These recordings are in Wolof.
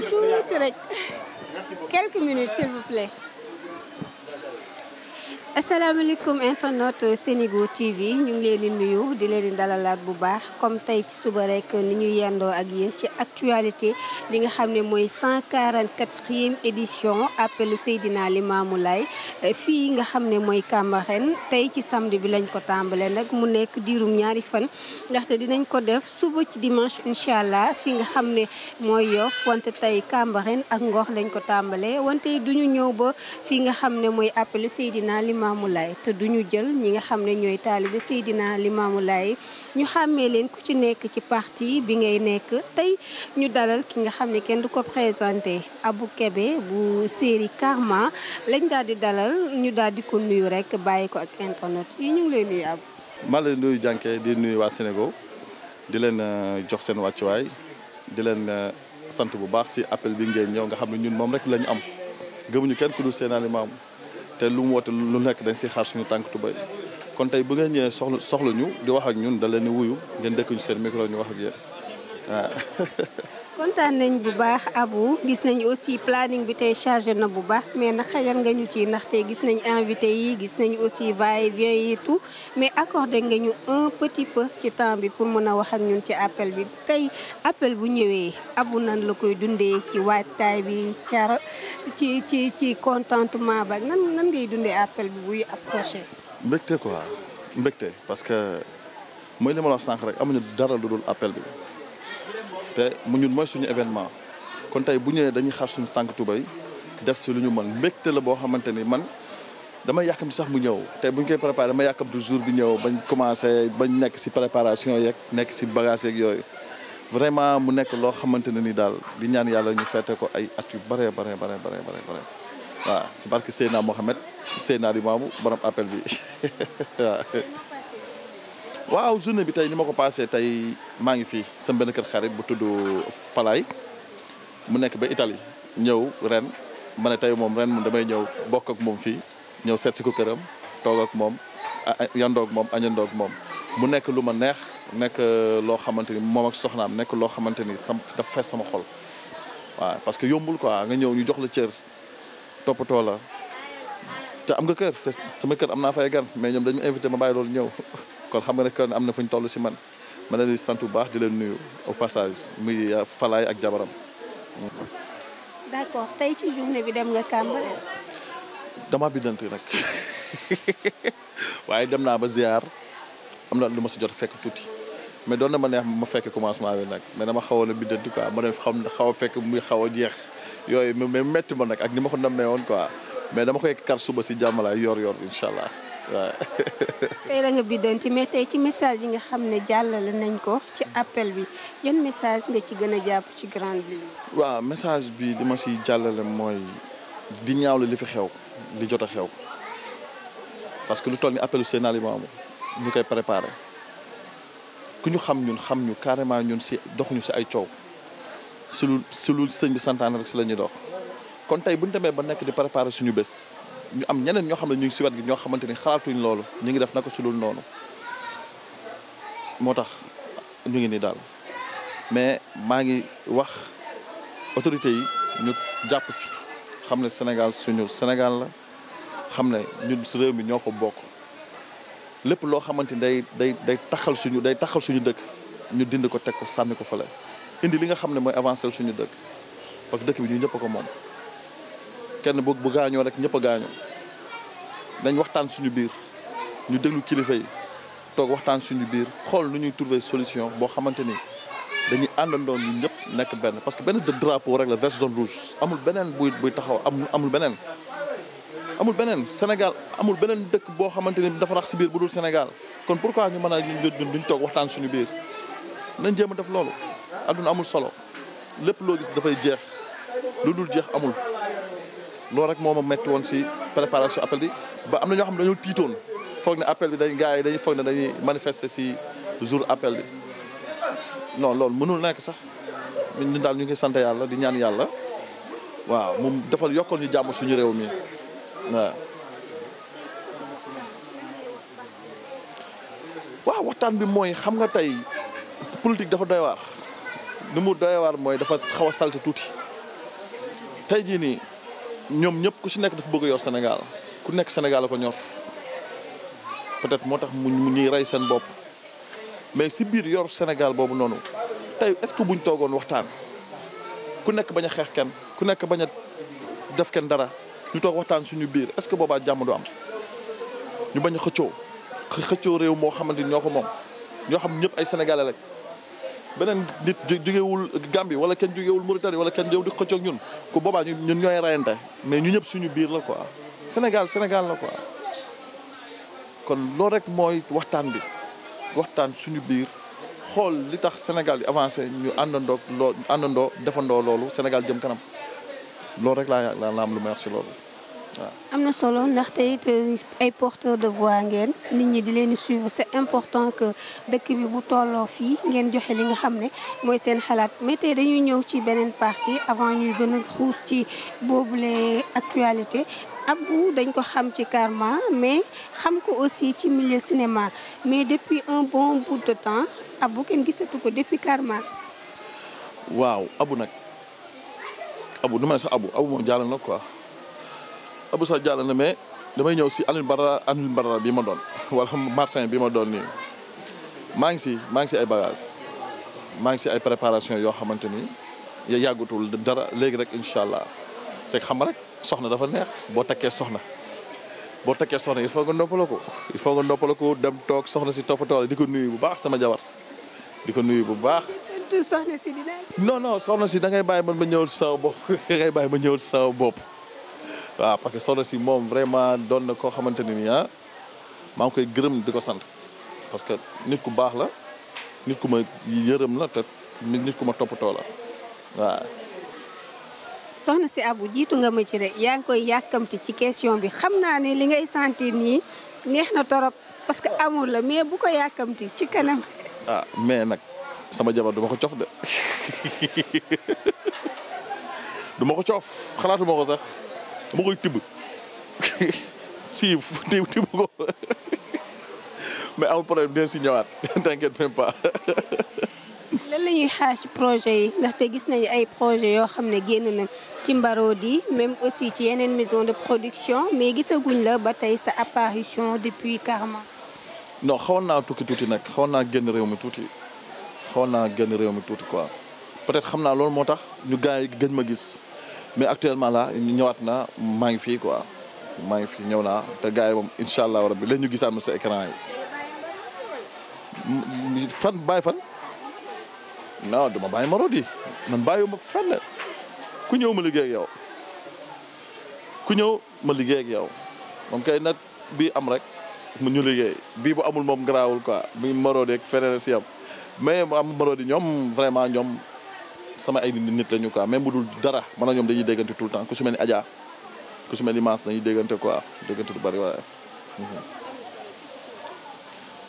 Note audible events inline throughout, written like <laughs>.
tuuti rek <laughs> quelques minutes s'il vous plaît asalaamaaleykum internet Senego TV ñu ngi leen di nuyu di leen di dalalaat bu baax comme tey ci suba rek ni ñu yendoo ak yéen ci actualité li nga xam ne mooy 144e édition appelu Seydina Limamou fii nga xam ne mooy Cambérène tey ci samedi bi lañ ko tàmbale nag mu nekk diirum ñaari fan ndaxte dinañ ko def suba ci dimanche incha allah fi nga xam ne mooy Yoff wante tey Cambérène ak Ngor lañ ko tàmbale wante duñu ñëw ba fi nga xam ne mooy appelu Seydina Limamou limaamu laay te duñu jël ñi nga xam ne ñooy taalibe Seydina limaamu laay ñu xàmmee leen ku ci nekk ci parti bi ngay nekk tey ñu dalal ki nga xam ne kenn du ko présenté abu kebe bu série Karma lañ daal di dalal ñu daal di ko nuyu rek bàyyi ko ak internet yi ñu ngi lay nuyu Abou. maa lay nuyu jànke di nuyu waa Sénégal di leen euh, jox seen wàccuwaay di leen euh, sant bu baax si appel bi ngeen ñëw nga xam ne ñun moom rek lañu am gëmuñu kenn ku dul seen alimaam te lu mu woote lu nekk dañ siy xaar suñu tànk tubay kon tey bu ngeen ñëwee soxla soxla ñu di wax ak ñun da leen di wuyu ngeen dëkk ñu seen micro ñu wax ak yéen <laughs> kontaan nañ bu baax Abou gis nañ aussi planning bi tey chargé na bu baax mais nag xajal nga ñu ci ndaxte gis nañ invité yi gis nañ aussi va-et-vient yi tout mais accordé nga ñu un petit peu ci temps bi pour mën a wax ak ñun ci appel bi tey appel bu ñëwee Abou nan la koy dundee ci waajtaay bi car ci ci ci contentement ba nan nan ngay dundee appel bi buy approché. mbégte quoi mbégte parce que mooy li ma la wax sànq rek amuñu dara lu dul appel bi. te mu ñun mooy suñu événement kon tey bu ñëwee dañuy xar suñu tànk tubay def si lu ñu mën mbégte la boo xamante ni man damay yàkkamti sax mu ñëw tey buñ ñu koy préparé dama yàkkamti jour bi ñëw bañ commencé bañ nekk si préparation yeeg nekk si bagage yeeg yooyu vraiment mu nekk loo xamante ne ni daal di ñaan yàlla ñu feete ko ay at yu bare bare bare bare bare waaw si barke Seyna Mohamed Seyna di maamu borom appel bi <laughs> waaw journée bi tey ni ma ko passé tey maa ngi fii sama benn kër xarit bu tudd Falaay mu nekk ba itali ñëw ren ma ne tey moom ren moom damay ñëw bokk ak moom fii ñëw seet si ko këram toog moom yandoog moom añandoog moom mu nekk lu ma neex nekk euh, loo xamante ni moom ak soxnaam nekk loo xamante ni sam dafa fees sama xol waaw parce que yombul ko a nga ñëw ñu jox la cër toppatoo la te am nga kër te sama kër am naa fay gan mais ñoom dañu invité ma baay loolu ñëw <laughs> kon xam nga ne kon am na fu ñu toll si man ma leen di sant bu baax di leen nuyu au passage muy euh, Falaay ak jabaram. d'accord tey ci journée bi dem nga Cambérène. dama biddanti nag <laughs> waaye dem naa ba ziar am na lu ma si jot fekk tuuti doon na ma neex ma fekk commencement bi nag mais dama xaw a biddanti quoi ma xam xaw a fekk muy xaw a jeex yooyu mais metti ma nag ak ni ma ko nammee woon a mais dama koy kar suba si jàmmalaay yor-yor incha allah. waaw. <laughs> tey la nga biddanti mais tey ci message yi nga xam ne jàllale nañ ko ci appel bi yan message nga ci gën a jàpp ci grande ligne. waaw message bi li ma si jàllale mooy di ñaawlu li fi xew li jot a xew parce que lu toll ni appelu seen alimaamu ñu koy préparé ku ñu xam ñun xam ñu carrément ñun si doxuñu si ay coow si lu si lu sëñ bi santaane rek si lañuy dox kon tey bu demee ba nekk di préparé suñu bés. ñu am ñeneen ñoo xam ne ñu ngi si wet gi ñoo xamante ni xalaatuñ loolu ñu ngi def na ko dul noonu moo tax ñu ngi nii daal mais maa ngi wax autorité yi ñu jàpp si xam ne Sénégal suñu Sénégal la xam ne ñu si réew ñoo ko bokk lépp loo xamante ni day day day taxal suñu day taxal suñu dëkk ñu dind ko teg ko sànni ko fële indi li nga xam ne mooy avancer suñu dëkk parce que dëkk bi ñu ñëpp ko moom kenn bu bu gaañoo rek ñëpp a gaañu dañ waxtaan suñu biir ñu déglu kilifa yi toog waxtaan suñu biir xool nu ñuy trouver solution boo xamante ni dañuy àndandoon ñu ñëpp nekk benn parce que benn de drapeau rek la vert zone rouge amul beneen buy buy taxaw amul amul beneen. amul beneen Sénégal amul beneen dëkk boo xamante ni dafa rax si biir bu dul Sénégal kon pourquoi ñu mën a duñ toog waxtaan suñu biir nañ jéem a def loolu. adduna amul solo lépp loo gis dafay jeex lu dul jeex amul. loolu rek moo ma métti woon si préparation appel bi ba am na ñoo xam ne dañoo tiitoon foog ne appel bi dañ gaa yi dañuy foog ne dañuy manifester si jour appel bi non loolu mënul nekk sax ñun daal ñu ngi sant yàlla di ñaan yàlla waaw moom defal yokkal ñu jàmm suñu réew mi waaw. waaw waxtaan bi mooy xam nga tey politique dafa doy waar mu doy waar mooy dafa xaw a salte tuuti tey jii nii. ñoom ñëpp ku si nekk dafa bëgg yor Sénégal ku nekk Sénégal ko ñor peut-être moo tax mu ñuy rey seen bopp mais si biir yor Sénégal boobu noonu tey est-ce que buñ toogoon waxtaan ku nekk bañ a xeex kenn ku nekk bañ a def kenn dara ñu toog waxtaan suñu biir est-ce que boobaa jàmm du am ñu bañ a xëccoo xëccoo réew moo xamante ni ñoo ko moom ñoo xam ñëpp ay sénégalais lañ. beneen nit jógewul Gambie wala kenn jógewul Mauritanie wala kenn jógew di xëccoog ñun ku boobaa ñun ñooy rayante mais ñu ñëpp suñu biir la quoi Sénégal Sénégal la quoi kon loolu rek mooy waxtaan bi waxtaan suñu biir xool li tax Sénégal di avancé ñu àndandoo loo àndandoo defandoo loolu Sénégal jëm kanam loolu rek laa laa am lu may wax si loolu am na solo ndaxte it euh, ay porteurs de voix ngeen nit ñi di leen di suivre c'est important que dëkk bi bu tolloo fii ngeen joxe li nga xam ne mooy seen xalaat mais dañuy ñëw ci beneen partie avant ñuy gën a xuus ci boobu boobule actualité. Abou dañ ko xam ci Karma mais xam ko aussi ci milieu cinéma mais depuis un bon bout de temps Abou kenn gisatu ko depuis Karma. waaw Abou nag Abou du ma ne sax Abou Abou moom jàll na quoi. Abou Sax jàll na mais damay ñëw si Alioune Badara Alioune Badara bi ma doon <laughs> wala Martin bi ma doon nii maa ngi si maa ngi si ay bagages maa ngi si ay préparation yoo xamante ni ya yàggutul dara léegi rek incha allah c'est que xam rek soxna dafa neex boo takkee soxna boo takkee soxna il faut nga noppala ko il faut nga noppala ko dem toog soxna si toppatoo di ko nuyu bu baax sama jabar di ko nuyu bu baax. soxna si dina non non soxna si da ngay bàyyi man ma ñëwal sa bopp <laughs> da ngay bàyyi ma ñëwal bopp. waaw parce que soxna si moom vraiment doon na koo xamante ne nii ah maa ngi koy gërëm di ko sant parce que nit ku baax la nit ku ma yërëm la te nit ku ma toppatoo la waaw. soxna si Abu jiitu nga ma ci rek yaa ngi koy yàkkamti ci question bi xam naa ni li ngay sentir nii neex na torop parce que amul la mais bu ko yàkkamti ci kanam. Ah, mais nag sama jabar duma ko cof de <laughs> duma ko coof xalaatuma ko sax. dama koy tibb <laughs> si tibb tibb ko mais amul problème dinañ si ñëwaat <laughs> t'inquiète même pas. <laughs> lan la ñuy xaar ci projet yi ndaxte gis nañu ay projet yoo xam ne génn na ci Mbarodi même aussi ci yeneen maison de production mais gisaguñ la ba tey sa apparition depuis Karma. non xawoon naa tukki tuuti nag xawoon naa génn réew mi tuuti xawoon naa génn réew mi tuuti quoi peut-être xam naa loolu moo tax ñu gars yi gëj ma gis. mais actuellement la là ñëwaat na maa ngi fii quoi maa ngi fii ñëw naa te gars yi moom incha allah rabbi lañ ñu gisaan sa écran yi fan bàyyi fan non duma bàyyi Marodi man bàyyi ma fenn ku ñëw ma liggéey ak yow ku ñëw ma liggéey ak yow moom kay nag bii am rek mu ñu liggéey bii bu amul moom garaawul quoi muy Marodi ak feneen si yam mais am Marodi ñoom vraiment ñoom sama ay nit lañu quoi même bu dara mana ñoom dañuy déggante tout le temps ku su mel ku su mel ni Mass dañuy déggante quoi déggante du bari waaye.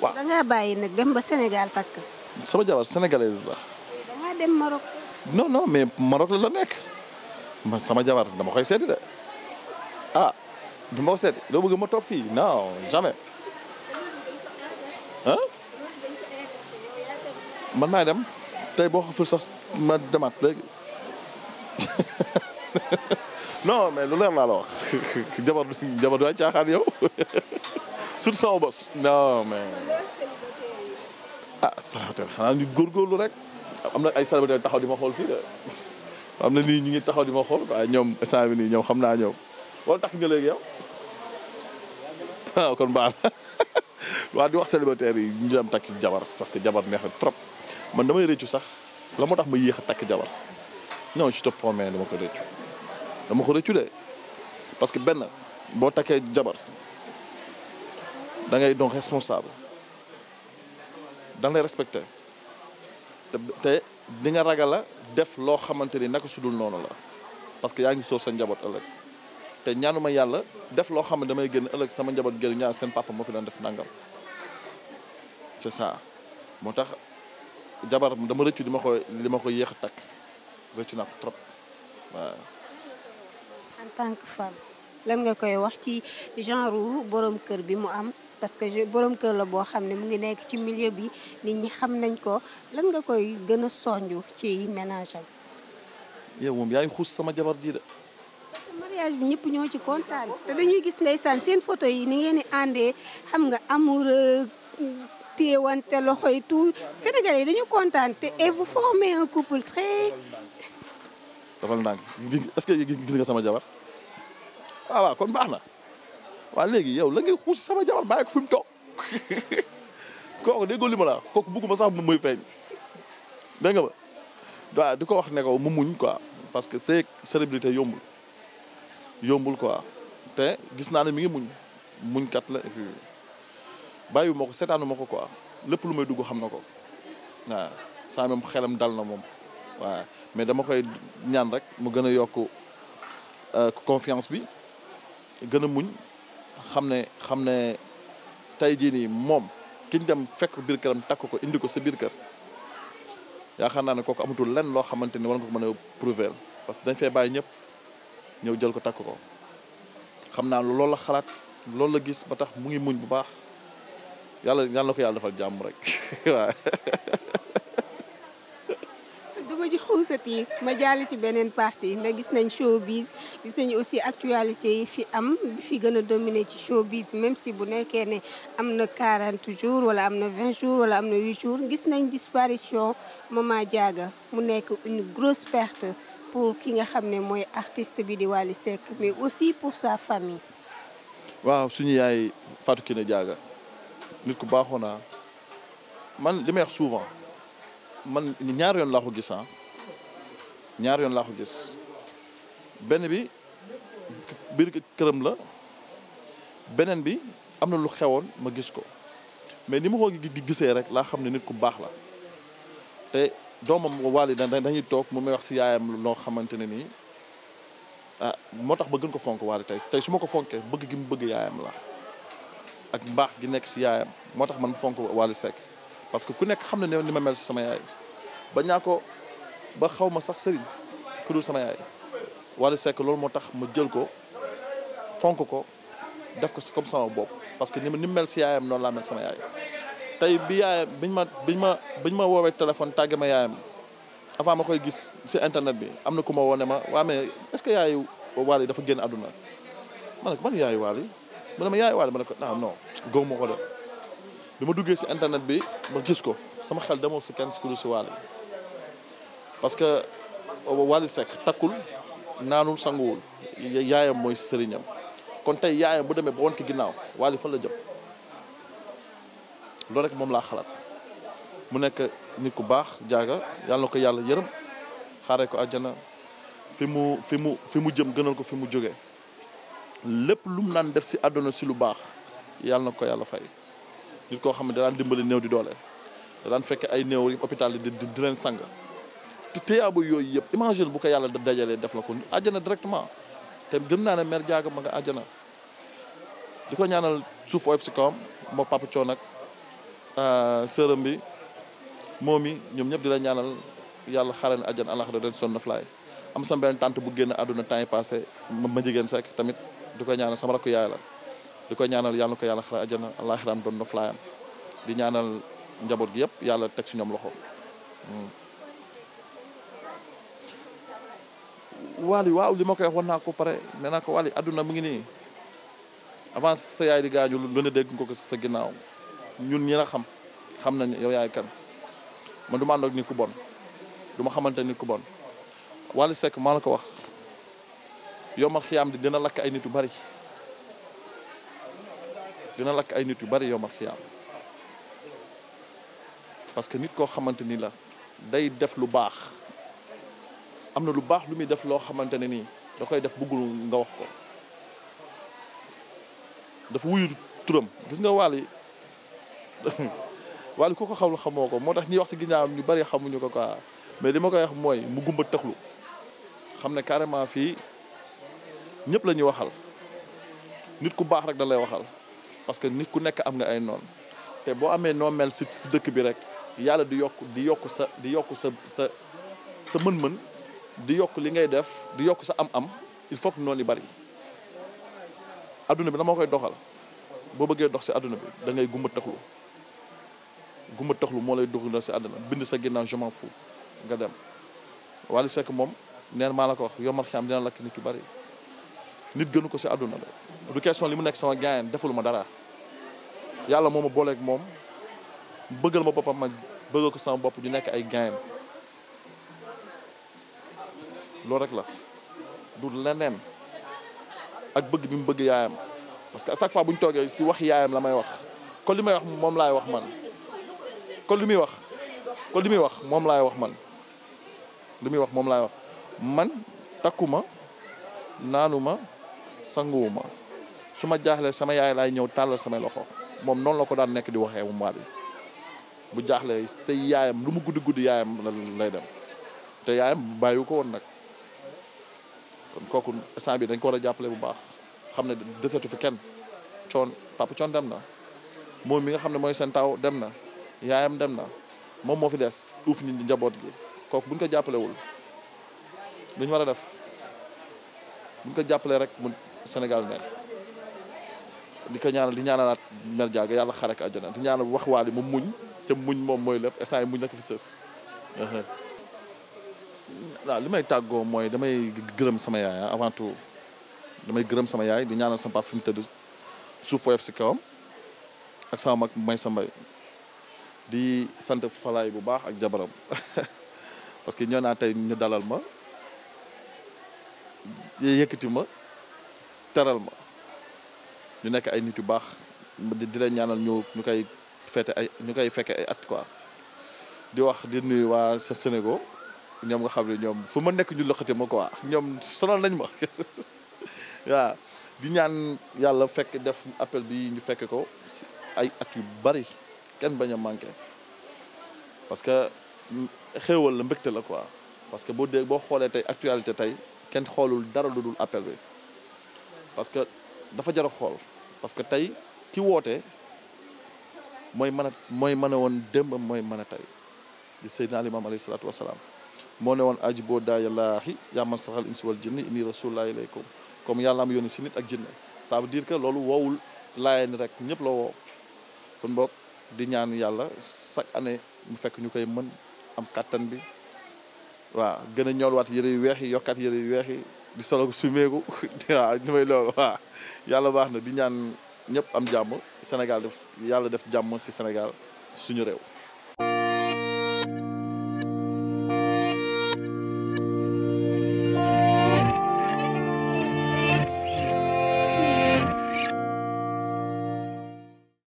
waaw da ngaa bàyyi nag dem ba Sénégal takk. sama jabar sénégalaise la. da ngaa dem Maroc. mais Maroc la la nekk sama jabar dama koy seeti de ah du ma ko seeti doo bëgg ma toog fii non jamais ah man maa dem. tey boo xaful sax ma demaat léegi <laughs> non mais lu leer laa la wax <laughs> jabar jabar du ay caaxaan yow <laughs> surtout sama bos. non mais ah célibataire xanaa ñu góorgóorlu rek am na ay célibataire taxaw di ma xool fii am na nii ñu ngi taxaw di ma xool waaye ñoom nii ñoom xam naa ñoom wala takk nga léegi ah, kon baax na waa di wax célibataire yi ñu dem takk jabar parce que jabar neex trop. man damay rëccu sax la moo tax ma yéex a takk jabar non je te promets dama ko rëccu dama ko rëccu de parce que benn boo takkee jabar da ngay donc responsable dan lay te te di nga ragal a def loo xamante ni naka sudul noonu la parce que yaa ngi soo sa njaboot ëllëg te ñaanuma yàlla def loo xam ne damay génn ëllëg sama njaboot génn ñaan seen papa moo fi daan def nangam c'est ça moo tax jabar dama rëccu li ma ko li ma ko yéex a takk rëccu naa trop waaw. en tant que femme lan nga koy wax ci genre borom kër bi mu am parce que boroom kër la boo xam ne mu ngi nekk ci milieu bi nit ñi xam nañ ko lan nga koy gën a ci ménage am. yow moom yaay xuus sama jabar ji de. mariage bi ñëpp ñoo ci kontaan te dañuy gis ndeysaan seen photo yi ni ngeen di xam nga amour téyewante loxo yi tout Sénégalais yi dañu kontaan te est-ce que gis nga sama jabar ah kon baax na waaw léegi yow la ngay xuus sama jabar bàyyi ko fi mu toog <laughs> kooku déggoo li ma la kooku bëgguma sax muy feeñ dégg nga di ko wax ne ko mu muñ quoi parce que c'est célébrité yombul yombul quoi te gis naa ne mi ngi muñ muñ kat la bàyyiwu ma ko seetaanu ma ko quoi lépp lu may dugg xam na ko waaw saa moom xelam dal na moom waaw mais dama koy ñaan rek mu gën a yokk euh, confiance bi gën a muñ xam ne xam ne tey jii nii moom kiñ dem fekk biir këram takk ko indi ko sa biir kër yaakaar naa ne kook amatul lenn loo xamante ni war nga ko mën a prouver parce que dañ fee bàyyi ñëpp ñëw jël ko takk ko xam naa loolu xalaat loolu la gis ba tax mu ngi muñ bu baax yàlla yàlla na ko yàlla defal jàmm rek <laughs> waaw. <laughs> dugg ci xuusat ma jàll ci beneen partie ndax gis nañ bis gis nañu aussi actualité yi fi am bi fi gën a dominé ci showbiz même si bu nekkee ne am na 40 jours wala am na 20 jours wala am na 8 jours gis nañ disparition Mama Diaga mu nekk une grosse perte pour ki nga xam ne mooy artist bi di Wally Seck mais aussi pour sa famille. waaw suñu yaay Fatou Kiné Diaga. nit ku baaxoo naa man li may wax souvent man ñaar yoon laa ko gis ah ñaar yoon laa ko gis benn bi biir këram la beneen bi am na lu xewoon ma gis ko mais ni ma ko gisee rek laa xam ne nit ku baax la te doomam Wally dañuy toog mu may wax si yaayam loo xamante ne nii ah moo tax ba gën ko fonk Wally tey tey su ma ko fonkee bëgg gi mu bëgg yaayam la ak mbaax gi nekk si yaayam moo tax man fonk Wally Seck parce que ku nekk xam na ne ni ma mel si sama yaay ba ñaa ko ba xaw ma sax sëriñ ku dul sama yaay Wally Seck loolu moo tax ma jël ko fonk ko def ko si comme sama bopp parce que ni ma ni mel si yaayam noonu laa mel sama yaay tey bi yaayam biñ ma biñ ma biñ ma woowee téléphone tàgge ma yaayam avant ma koy gis si internet bi am na ku ma woo ma waa mais est-ce que yaayu Wally dafa génn àdduna ma ne ko man yaayu mu ne ma yaay waale ma ne ko ah non góob ma ko de ma duggee si internet bi ma gis ko sama xel demoo si kenn si ku dul si waale parce que Wally Seck takkul naanul sanguwul yaayam mooy sëriñam kon tey yaayam bu demee ba woon ki ginnaaw Wally fan la jëm loolu rek moom laa xalaat mu nekk nit ku baax jaaga yàlla na ko yàlla yërëm xaaree ko àjjana fi mu fi mu fi mu jëm gënal ko fi mu jógee lépp lu mu naan def si àdduna si lu baax yàlla na ko yàlla fay nit koo xam ne daan dimbali néew di doole daan fekk ay néew yi hôpital yi di di leen sang te téyaaba yooyu yëpp imagine bu ko yàlla dajalee def la ko àjjana directement te gëm naa ne mère Diaga ma nga àjjana di ko ñaanal suuf si kawam moo papa Thion ak euh, bi moom yi ñoom ñëpp di la ñaanal yàlla xaaral ne àjjana àllaaxira ren sonn na fulaay am sa benn bu génn àdduna temps yi passé ma jigéen sekk tamit. di ko ñaanal sama ko yaay di koy ñaanal yàlla na ko yàlla xara ajana àlaxiraam doon na flaayam di ñaanal njaboot gi yëpp yàlla teg si ñoom loxo hmm. waali waaw lima koy wax naa ko pare nee naa waali àdduna mu ngi nii avant sa yaay di gaañu lu ne dégg nga ko sa ginnaaw ñun ñi la xam xam nañ yow yaay kan man ma ànd ak nit ku bon du ma xamante nit ku bon Wally wax yomal xiyaam di dina lakk ay nit yu bari dina lakk ay nit yu bari yomal xiyaam parce que nit koo xamante ni la day def lu baax am na lu baax lu muy def loo xamante ne nii da koy def bëggul nga wax ko dafa wuyu turam gis nga Wally <laughs> Wally ku ko xamul xamoo ko moo tax ñuy wax si ginnaawam ñu bari xamuñu ko quoi mais li ma koy wax mooy mu gumba taxlu xam ne carrément fii ñëpp la ñuy waxal nit ku baax rek da lay waxal parce que nit ku nekk am nga ay noon te boo amee noo mel si si dëkk bi rek yàlla di yokk di yokk sa di yokk sa sa sa mën-mën di yokk li ngay def di yokk sa am-am il faut que noonu yi bari adduna bi dama koy doxal boo bëggee dox si àdduna bi da ngay gumba taxlu gumba taxlu moo lay doxal si adduna bind sa ginnaaw je m'en nga dem Wally Seck moom neen maa la ko wax yomal xam dina lakk nit yu bari nit gënu ko si àdduna la du question li mu nekk sama gaayen deful ma dara yàlla moom ma booleek moom bëggal ma boppam ma bëggal ko sama bopp ñu nekk ay gaayen loolu rek la du leneen ak bëgg bi mu bëgg yaayam parce que à chaque fois bu ñu toogee si wax yaayam la may wax kon li may wax moom laay wax man kon li muy wax li muy wax moom laay wax man li muy wax moom laay wax man takkuma naanuma sanguwuma su ma jaaxlee sama yaay laay ñëw tàllal samay loxo moom noonu la ko daan nekk di waxee umma bi bu jaaxle say yaayam lu mu guddi guddi yaayam lay dem te yaayam bàyyi ko woon nag kon kooku instant bi dañ ko a jàppale bu baax xam ne desetu fi kenn coon dem na moom mi nga xam ne mooy seen taw dem na yaayam dem na moom moo fi des uuf nit ñi njaboot gi kooku buñ ko jàppalewul lu ñu a def buñ ko jàppale rek Sénégal nekk di ko ñaanal di ñaanalaat Mère yàlla xare ko àjjana di ñaanal wax waali mu muñ te muñ moom mooy lépp instant yi muñ la ko fi sës. li may tàggoo mooy damay gërëm sama yaay ah, avant tout damay gërëm sama yaay di ñaanal sama papa fi mu tëdd suuf fooyeef si kawam ak sama mag may sa mbay di sant falaay bu baax ak jabaram <laughs> parce que ñoo naa tey ñu dalal ma yëkkati ma. teral ma ñu nekk ay nit yu baax di la ñaanal ñu ñu koy fete ay ñu koy fekke ay at quoi di wax di nuyu waa sa Sénégal ñoom nga xam ne ñoom fo ma nekk ñu lëkkati ma quoi ñoom sonal nañ ma <laughs> waaw di ñaan yàlla fekk def appel bi ñu fekk ko si ay at yu bari kenn bañ a manqué parce que xéewal la mbégte la quoi parce que boo dee boo xoolee tey actualité tey kenn xoolul dara lu dul appel bi parce que dafa jar xool parce que tey ki woote mooy mën a mooy mën a woon démb mooy mën a tey di seydina alimaam alayhi salaatu wasalaam moo ne woon aji boo daaya laahi yaa man saxal insi wal jinni inni rasulullahi ilaykum comme yàlla am yónni si nit ak jinne ça veut dire que loolu woowul laaya rek ñëpp la woo kon boog di ñaan yàlla chaque année mu fekk ñu koy mën am kàttan bi waa gën a ñool waat yëre yu weex yi yokkaat yëre yu weex yi di solo sumeeku <laughs> waaw ñu may loolu yàlla baax na di ñaan ñëpp am jàmm Sénégal def yàlla def jàmm si Sénégal suñu réew